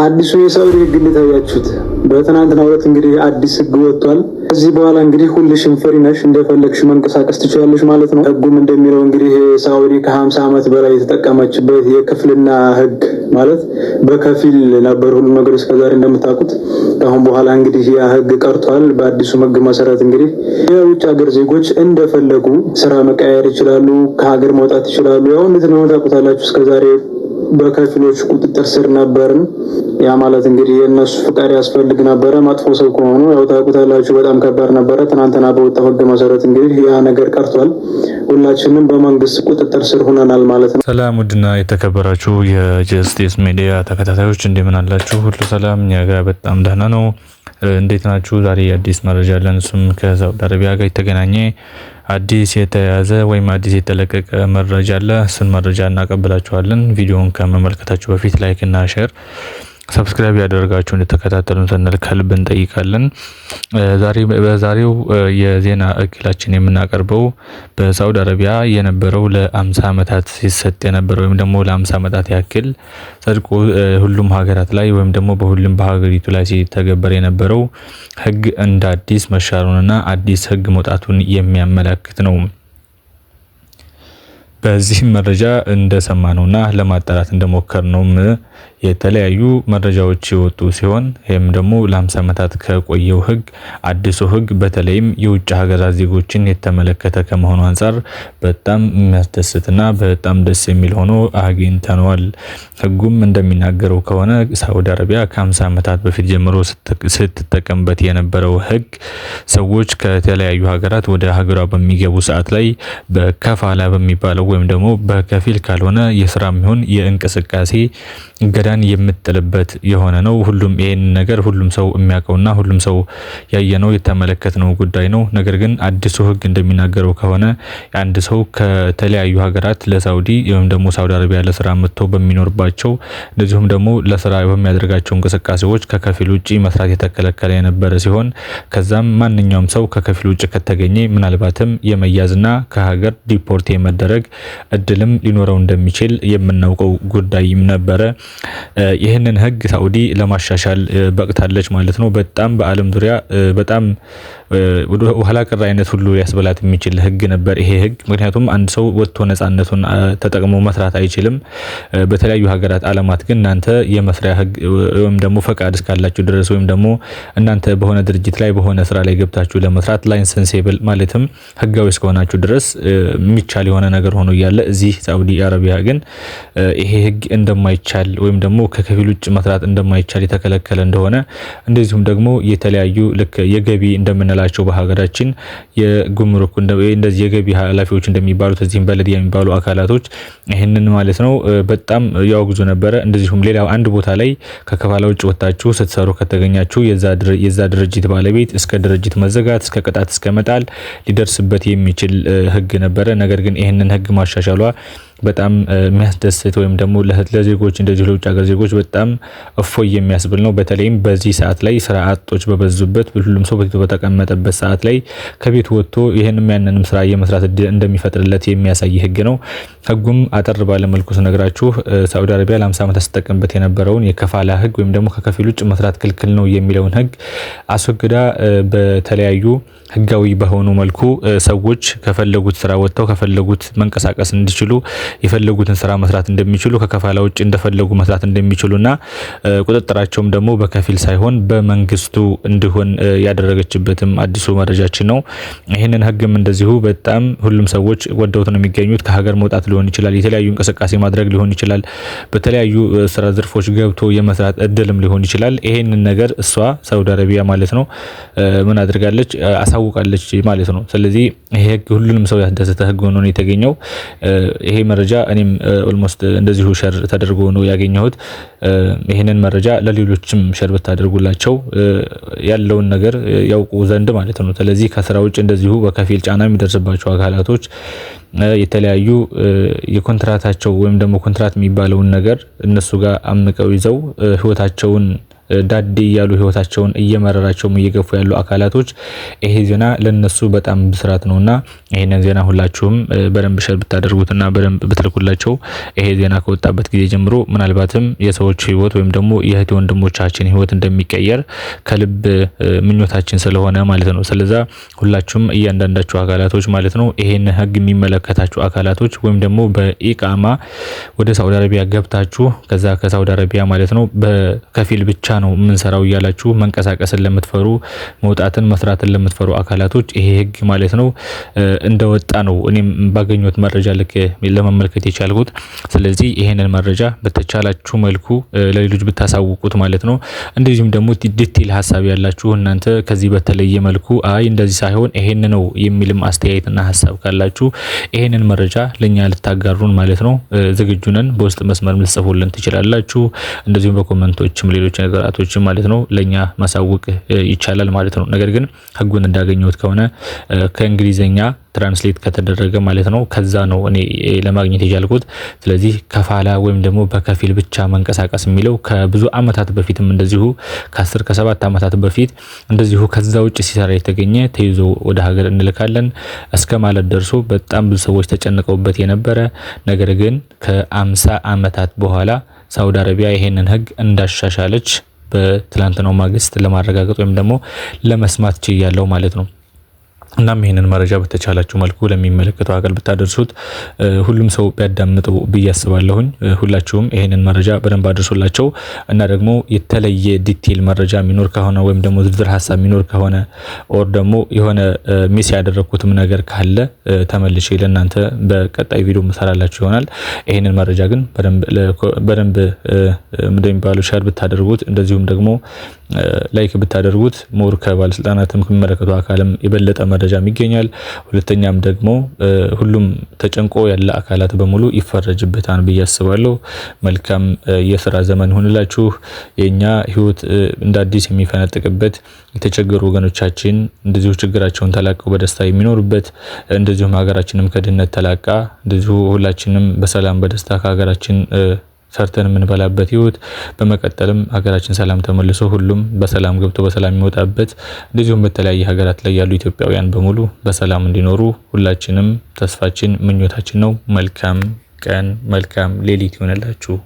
አዲሱ የሳዑዲ ህግ እንደታያችሁት በትናንትና ሁለት እንግዲህ አዲስ ህግ ወጥቷል። ከዚህ በኋላ እንግዲህ ሁልሽም ፍሪ ነሽ፣ እንደፈለግሽ መንቀሳቀስ ትችላለሽ ማለት ነው። ህጉም እንደሚለው እንግዲህ ሳዑዲ ከ50 ዓመት በላይ የተጠቀመችበት የክፍልና ህግ ማለት በከፊል ነበር ሁሉ ነገር እስከዛሬ እንደምታውቁት። አሁን በኋላ እንግዲህ ያ ህግ ቀርቷል። በአዲሱ ህግ መሰረት እንግዲህ የውጭ ሀገር ዜጎች እንደፈለጉ ስራ መቀያየር ይችላሉ፣ ከሀገር መውጣት ይችላሉ። ያው እንደት ነው ታውቁታላችሁ እስከዛሬ በከፊሎች ቁጥጥር ስር ነበርን። ያ ማለት እንግዲህ የእነሱ ፍቃድ ያስፈልግ ነበረ። መጥፎ ሰው ከሆኑ ያው ታውቁታላችሁ፣ በጣም ከባድ ነበረ። ትናንትና በወጣ ህግ መሰረት እንግዲህ ያ ነገር ቀርቷል። ሁላችንም በመንግስት ቁጥጥር ስር ሆነናል ማለት ነው። ሰላም ውድና የተከበራችሁ የጀስቲስ ሚዲያ ተከታታዮች እንደምን አላችሁ? ሁሉ ሰላም እኛ ጋር በጣም ደህና ነው። እንዴት ናችሁ? ዛሬ አዲስ መረጃ አለን። እሱም ከሳውዲ አረቢያ ጋር የተገናኘ አዲስ የተያዘ ወይም አዲስ የተለቀቀ መረጃ አለ። እሱን መረጃ እናቀብላችኋለን። ቪዲዮውን ከመመልከታችሁ በፊት ላይክ እና ሼር ሰብስክራይብ ያደረጋችሁ እንደተከታተሉን ስንል ከልብ እንጠይቃለን። በዛሬው የዜና እክላችን የምናቀርበው በሳውዲ አረቢያ የነበረው ለአምሳ ዓመታት ሲሰጥ የነበረው ወይም ደግሞ ለአምሳ ዓመታት ያክል ጸድቆ ሁሉም ሀገራት ላይ ወይም ደግሞ በሁሉም በሀገሪቱ ላይ ሲተገበር የነበረው ሕግ እንደ አዲስ መሻሩንና አዲስ ሕግ መውጣቱን የሚያመላክት ነው። በዚህም መረጃ እንደሰማነውና ለማጣራት እንደሞከርነውም የተለያዩ መረጃዎች የወጡ ሲሆን ይህም ደግሞ ለ ዓመታት ከቆየው ህግ አዲሱ ህግ በተለይም የውጭ ሀገራት ዜጎችን የተመለከተ ከመሆኑ አንጻር በጣም የሚያስደስትና በጣም ደስ የሚል ሆኖ አግኝተነዋል። ህጉም እንደሚናገረው ከሆነ ሳውዲ አረቢያ ከ ዓመታት በፊት ጀምሮ ስትጠቀምበት የነበረው ህግ ሰዎች ከተለያዩ ሀገራት ወደ ሀገሯ በሚገቡ ሰዓት ላይ በከፋላ በሚባለው ወይም ደግሞ በከፊል ካልሆነ የስራ የሚሆን የእንቅስቃሴ እገዳን የምትጥልበት የሆነ ነው። ሁሉም ይህን ነገር ሁሉም ሰው የሚያውቀውና ሁሉም ሰው ያየነው የተመለከትነው ጉዳይ ነው። ነገር ግን አዲሱ ህግ እንደሚናገረው ከሆነ አንድ ሰው ከተለያዩ ሀገራት ለሳውዲ ወይም ደግሞ ሳውዲ አረቢያ ለስራ መጥቶ በሚኖርባቸው እንደዚሁም ደግሞ ለስራ በሚያደርጋቸው እንቅስቃሴዎች ከከፊል ውጭ መስራት የተከለከለ የነበረ ሲሆን ከዛም ማንኛውም ሰው ከከፊል ውጭ ከተገኘ ምናልባትም የመያዝና ከሀገር ዲፖርት የመደረግ እድልም ሊኖረው እንደሚችል የምናውቀው ጉዳይም ነበረ። ይህንን ህግ ሳኡዲ ለማሻሻል በቅታለች ማለት ነው። በጣም በዓለም ዙሪያ በጣም ኋላ ቀር አይነት ሁሉ ሊያስበላት የሚችል ህግ ነበር ይሄ ህግ። ምክንያቱም አንድ ሰው ወጥቶ ነጻነቱን ተጠቅሞ መስራት አይችልም። በተለያዩ ሀገራት አለማት ግን እናንተ የመስሪያ ህግ ወይም ደግሞ ፈቃድ እስካላችሁ ድረስ ወይም ደግሞ እናንተ በሆነ ድርጅት ላይ በሆነ ስራ ላይ ገብታችሁ ለመስራት ላይሰንሴብል ማለትም ህጋዊ እስከሆናችሁ ድረስ የሚቻል የሆነ ነገር ሆኖ ነው እያለ እዚህ ሳዑዲ አረቢያ ግን ይሄ ህግ እንደማይቻል ወይም ደግሞ ከከፊል ውጭ መስራት እንደማይቻል የተከለከለ እንደሆነ እንደዚሁም ደግሞ የተለያዩ ልክ የገቢ እንደምንላቸው በሀገራችን የጉምሩክ እንደዚህ የገቢ ኃላፊዎች እንደሚባሉት እዚህም በለድ የሚባሉ አካላቶች ይህንን ማለት ነው በጣም ያወግዙ ነበረ። እንደዚሁም ሌላ አንድ ቦታ ላይ ከከፋላ ውጭ ወጥታችሁ ስትሰሩ ከተገኛችሁ የዛ ድርጅት ባለቤት እስከ ድርጅት መዘጋት እስከ ቅጣት እስከ መጣል ሊደርስበት የሚችል ህግ ነበረ። ነገር ግን ይህንን ህግ 啊，沙沙罗。በጣም የሚያስደስት ወይም ደግሞ ለዜጎች እንደዚህ ለውጭ ሀገር ዜጎች በጣም እፎይ የሚያስብል ነው። በተለይም በዚህ ሰዓት ላይ ስራ አጦች በበዙበት ሁሉም ሰው በፊቱ በተቀመጠበት ሰዓት ላይ ከቤት ወጥቶ ይህንም ያንንም ስራ የመስራት እድል እንደሚፈጥርለት የሚያሳይ ህግ ነው። ህጉም አጠር ባለመልኩ ስነግራችሁ ሳዑዲ አረቢያ ለአምሳ ዓመታት ስጠቀምበት የነበረውን የከፋላ ህግ ወይም ደግሞ ከከፊል ውጭ መስራት ክልክል ነው የሚለውን ህግ አስወግዳ በተለያዩ ህጋዊ በሆኑ መልኩ ሰዎች ከፈለጉት ስራ ወጥተው ከፈለጉት መንቀሳቀስ እንዲችሉ የፈለጉትን ስራ መስራት እንደሚችሉ ከከፋላ ውጭ እንደፈለጉ መስራት እንደሚችሉና ቁጥጥራቸውም ደግሞ በከፊል ሳይሆን በመንግስቱ እንዲሆን ያደረገችበትም አዲሱ መረጃችን ነው። ይህንን ህግም እንደዚሁ በጣም ሁሉም ሰዎች ወደውት ነው የሚገኙት። ከሀገር መውጣት ሊሆን ይችላል፣ የተለያዩ እንቅስቃሴ ማድረግ ሊሆን ይችላል፣ በተለያዩ ስራ ዘርፎች ገብቶ የመስራት እድልም ሊሆን ይችላል። ይህንን ነገር እሷ ሳውዲ አረቢያ ማለት ነው ምን አድርጋለች አሳውቃለች ማለት ነው። ስለዚህ ይሄ ህግ ሁሉንም ሰው ያስደሰተ ህግ ሆኖ ነው የተገኘው ይሄ መረጃ እኔም ኦልሞስት እንደዚሁ ሸር ተደርጎ ነው ያገኘሁት። ይህንን መረጃ ለሌሎችም ሸር ብታደርጉላቸው ያለውን ነገር ያውቁ ዘንድ ማለት ነው። ስለዚህ ከስራ ውጭ እንደዚሁ በከፊል ጫና የሚደርስባቸው አካላቶች የተለያዩ የኮንትራታቸው ወይም ደግሞ ኮንትራት የሚባለውን ነገር እነሱ ጋር አምቀው ይዘው ህይወታቸውን ዳዴ እያሉ ህይወታቸውን እየመረራቸውም እየገፉ ያሉ አካላቶች ይሄ ዜና ለነሱ በጣም ብስራት ነውና ይህንን ዜና ሁላችሁም በደንብ ሸር ብታደርጉትና በደንብ ብትልኩላቸው ይሄ ዜና ከወጣበት ጊዜ ጀምሮ ምናልባትም የሰዎች ህይወት ወይም ደግሞ የእህት ወንድሞቻችን ህይወት እንደሚቀየር ከልብ ምኞታችን ስለሆነ ማለት ነው። ስለዛ ሁላችሁም እያንዳንዳችሁ አካላቶች ማለት ነው ይሄን ህግ የሚመለከታችሁ አካላቶች ወይም ደግሞ በኢቃማ ወደ ሳውዲ አረቢያ ገብታችሁ ከዛ ከሳውዲ አረቢያ ማለት ነው በከፊል ብቻ ነው የምንሰራው እያላችሁ መንቀሳቀስን ለምትፈሩ መውጣትን መስራትን ለምትፈሩ አካላቶች ይሄ ህግ ማለት ነው እንደወጣ ነው እኔም ባገኘሁት መረጃ ልክ ለመመልከት የቻልኩት። ስለዚህ ይሄንን መረጃ በተቻላችሁ መልኩ ለሌሎች ብታሳውቁት ማለት ነው። እንደዚሁም ደግሞ ዲቴል ሀሳብ ያላችሁ እናንተ ከዚህ በተለየ መልኩ አይ እንደዚህ ሳይሆን ይሄን ነው የሚልም አስተያየትና ሀሳብ ካላችሁ ይሄንን መረጃ ለእኛ ልታጋሩን ማለት ነው ዝግጁ ነን። በውስጥ መስመር ልጽፉልን ትችላላችሁ። እንደዚሁም በኮመንቶችም ሌሎች ነገር ስርዓቶችን ማለት ነው ለእኛ ማሳወቅ ይቻላል ማለት ነው። ነገር ግን ህጉን እንዳገኘሁት ከሆነ ከእንግሊዝኛ ትራንስሌት ከተደረገ ማለት ነው ከዛ ነው እኔ ለማግኘት የቻልኩት። ስለዚህ ከፋላ ወይም ደግሞ በከፊል ብቻ መንቀሳቀስ የሚለው ከብዙ አመታት በፊትም እንደዚሁ ከአስር ከሰባት ዓመታት በፊት እንደዚሁ ከዛ ውጭ ሲሰራ የተገኘ ተይዞ ወደ ሀገር እንልካለን እስከ ማለት ደርሶ በጣም ብዙ ሰዎች ተጨንቀውበት የነበረ ነገር ግን ከአምሳ አመታት በኋላ ሳውዲ አረቢያ ይሄንን ህግ እንዳሻሻለች በትላንትናው ማግስት ለማረጋገጥ ወይም ደግሞ ለመስማት ችያለው ማለት ነው። እናም ይህንን መረጃ በተቻላችሁ መልኩ ለሚመለከተው አካል ብታደርሱት ሁሉም ሰው ቢያዳምጠው ብዬ አስባለሁኝ። ሁላችሁም ይህንን መረጃ በደንብ አድርሶላቸው እና ደግሞ የተለየ ዲቴል መረጃ የሚኖር ከሆነ ወይም ደግሞ ዝርዝር ሀሳብ የሚኖር ከሆነ ኦር ደግሞ የሆነ ሚስ ያደረግኩትም ነገር ካለ ተመልሼ ለእናንተ በቀጣይ ቪዲዮ መሰራላችሁ ይሆናል። ይህንን መረጃ ግን በደንብ እንደሚባለው ሸር ብታደርጉት እንደዚሁም ደግሞ ላይክ ብታደርጉት ሞር ከባለስልጣናትም ከሚመለከቱ አካልም የበለጠ ደረጃም ይገኛል። ሁለተኛም ደግሞ ሁሉም ተጨንቆ ያለ አካላት በሙሉ ይፈረጅበታል ብዬ አስባለሁ። መልካም የስራ ዘመን ሆንላችሁ። የእኛ ህይወት እንደ አዲስ የሚፈነጥቅበት የተቸገሩ ወገኖቻችን እንደዚሁ ችግራቸውን ተላቀው በደስታ የሚኖሩበት እንደዚሁም ሀገራችንም ከድህነት ተላቃ እንደዚሁ ሁላችንም በሰላም በደስታ ከሀገራችን ሰርተን የምንበላበት ህይወት፣ በመቀጠልም ሀገራችን ሰላም ተመልሶ ሁሉም በሰላም ገብቶ በሰላም የሚወጣበት እንደዚሁም በተለያየ ሀገራት ላይ ያሉ ኢትዮጵያውያን በሙሉ በሰላም እንዲኖሩ ሁላችንም ተስፋችን ምኞታችን ነው። መልካም ቀን መልካም ሌሊት ይሆነላችሁ።